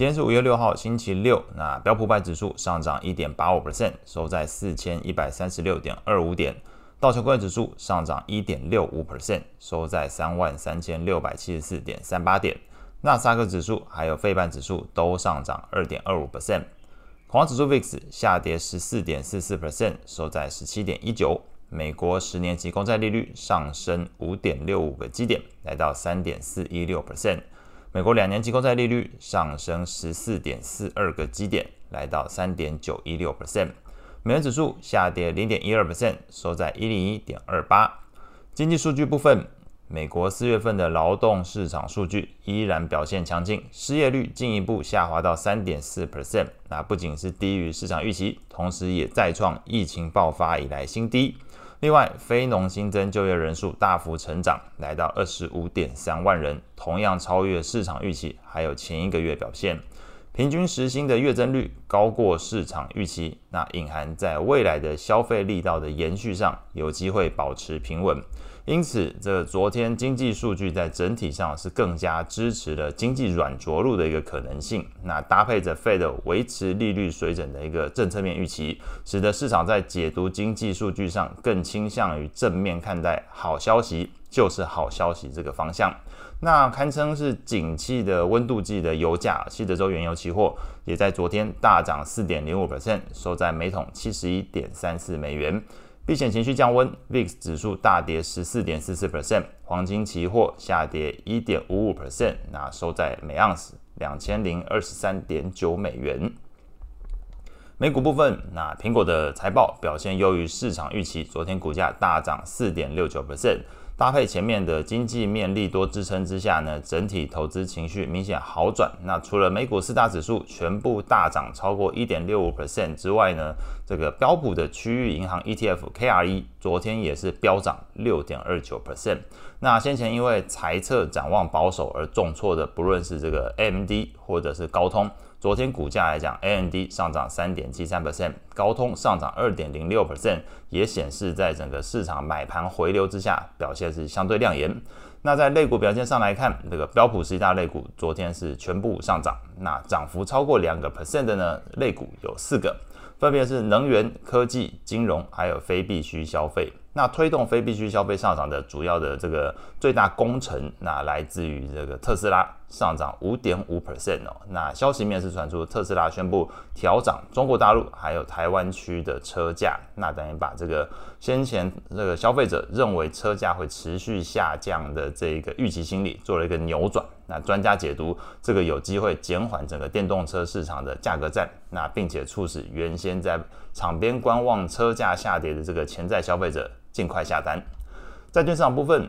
今天是五月六號，星期六。那標普五百指數上漲一點八五 percent，收在四千一百三十六點二五點。道瓊工業指數上漲一點六五 percent，收在三萬三千六百七十四點三八點。納斯克指數還有費半指數都上漲二點二五 percent。恐慌指數 VIX 下跌十四點四四 percent，收在十七點一九。美國十年期公債利率上升五點六五個基點，來到三點四一六 percent。美國兩年期公債利率上升十四點四二個基點，來到三點九一六 percent。美元指數下跌零點一二 percent，收在一零一點二八。經濟數據部分，美國四月份的勞動市場數據依然表現強勁，失業率進一步下滑到三點四 percent。那不僅是低於市場預期，同時也再創疫情爆發以來新低。另外，非農新增就業人數大幅成長，來到二十五點三萬人，同樣超越市場預期。還有前一個月表現，平均時薪的月增率高過市場預期，那隱含在未來的消費力道的延續上，有機會保持平穩。因此，這個、昨天經濟數據在整體上是更加支持了經濟軟着陸的一個可能性。那搭配着 Fed 維持利率水準的一個政策面預期，使得市場在解讀經濟數據上更傾向於正面看待，好消息就是好消息這個方向。那堪稱是景氣的溫度計的油價，西德州原油期貨也在昨天大漲四點零五%，收在每桶七十一點三四美元。避險情緒降溫，VIX 指數大跌十四點四四 percent，黃金期貨下跌一點五五 percent，那收在每盎司兩千零二十三點九美元。美股部分，那蘋果的財報表現優於市場預期，昨天股價大漲四點六九 percent。搭配前面的經濟面利多支撐之下呢，整體投資情緒明顯好轉。那除了美股四大指數全部大漲超過一點六五 percent 之外呢，這個標普的區域銀行 ETF KRE 昨天也是飆漲六點二九 percent。那先前因為財測展望保守而重挫的，不論是這個 AMD 或者是高通。昨天股價來講，AMD 上漲三點七三 percent，高通上漲二點零六 percent，也顯示在整個市場買盤回流之下，表現是相對亮眼。那在類股表現上來看，這個標普十一大類股昨天是全部上漲，那漲幅超過兩個 percent 的呢，類股有四個，分別是能源、科技、金融，還有非必需消費。那推動非必需消費上漲的主要的這個最大功臣，那來自於這個特斯拉。上漲五點五 percent 哦。那消息面是傳出特斯拉宣布調漲中國大陸還有台灣區的車價，那等於把這個先前這個消費者認為車價會持續下降的這個預期心理做了一個扭轉。那專家解讀這個有機會減緩整個電動車市場的價格戰，那並且促使原先在場邊觀望車價下跌的這個潛在消費者儘快下單。債券市場部分，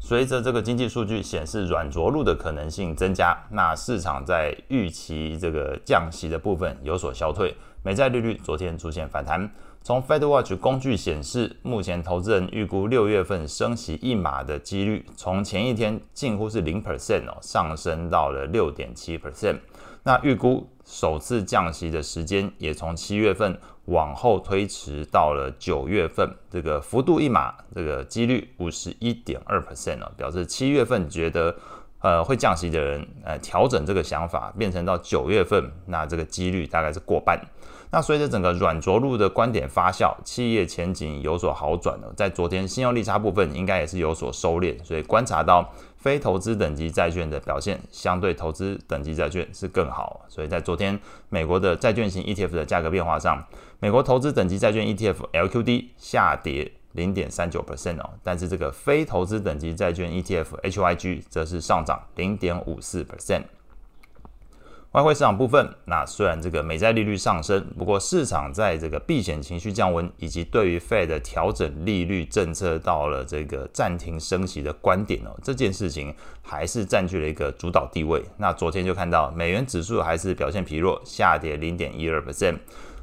隨着這個經濟數據顯示軟着陸的可能性增加，那市場在預期這個降息的部分有所消退，美債利率昨天出現反彈。從 FedWatch 工具顯示，目前投資人預估六月份升息一碼的幾率，從前一天近乎是零 percent 哦，上升到了六點七 percent。那預估首次降息的時間也從七月份。往後推遲到了九月份，這個幅度一碼，這個幾率五十一點二 percent 呃，表示七月份覺得。呃，會降息的人，呃，調整這個想法，變成到九月份，那這個幾率大概是過半。那隨着整個軟着陸的觀點發酵，企業前景有所好轉哦，在昨天信用利差部分應該也是有所收斂，所以觀察到非投資等級債券的表現相對投資等級債券是更好。所以在昨天美國的債券型 ETF 的價格變化上，美國投資等級債券 ETF LQD 下跌。零點三九 percent 哦，但是這個非投資等級債券 ETF HYG 則是上漲零點五四 percent。外匯市場部分，那雖然這個美債利率上升，不過市場在這個避險情緒降溫以及對於 Fed 的調整利率政策到了這個暫停升息的觀點哦，這件事情還是佔據了一個主導地位。那昨天就看到美元指數還是表現疲弱，下跌零點一二 percent。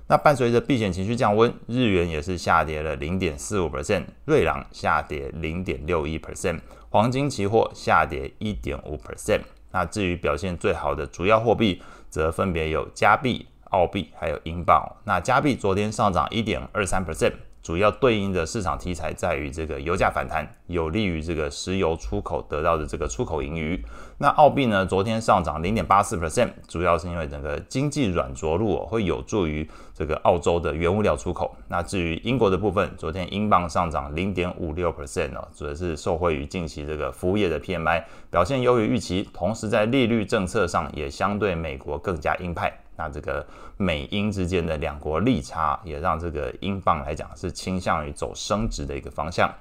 那伴隨着避險情緒降溫，日元也是下跌了零點四五 percent，瑞郎下跌零點六一 percent，黃金期貨下跌一點五 percent。那至於表現最好的主要貨幣，則分別有加幣、澳幣還有英鎊。那加幣昨天上漲一點二三 percent。主要對應的市場題材在於這個油價反彈，有利於這個石油出口得到的這個出口盈餘。那澳幣呢，昨天上漲零點八四 percent，主要是因為整個經濟軟着陸哦，會有助於這個澳洲的原物料出口。那至於英國的部分，昨天英鎊上漲零點五六 percent 哦，主要是受惠於近期這個服務業的 PMI 表現優於預期，同時在利率政策上也相對美國更加鷹派。那這個美英之間的兩國利差，也讓這個英鎊來講是傾向於走升值的一個方向。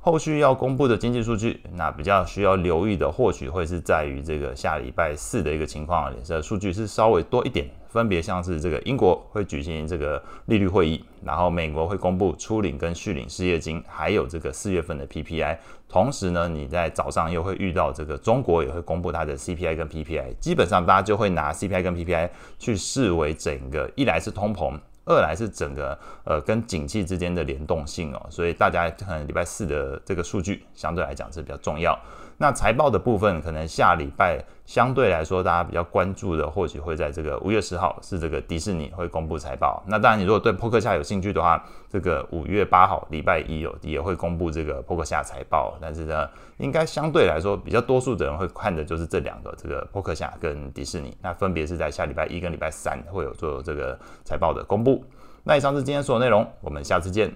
後續要公布的經濟數據，那比較需要留意的，或許會是在於這個下禮拜四的一個情況，也是數據是稍微多一點。分別像是這個英國會舉行這個利率會議，然後美國會公布初領跟續領失業金，還有這個四月份的 PPI。同時呢，你在早上又會遇到這個中國也會公布它的 CPI 跟 PPI。基本上大家就會拿 CPI 跟 PPI 去視為整個一來是通膨，二來是整個呃跟景氣之間的連動性哦。所以大家可能禮拜四的這個數據相對來講是比較重要。那財報的部分，可能下禮拜相對來說大家比較關注的，或許會在這個五月十號是這個迪士尼會公布財報。那當然，你如果對波克夏有興趣的話，這個五月八號禮拜一有也會公布這個波克夏財報。但是呢，應該相對來說比較多數的人會看的就是這兩個，這個波克夏跟迪士尼。那分別是在下禮拜一跟禮拜三會有做這個財報的公布。那以上是今天所有內容，我們下次見。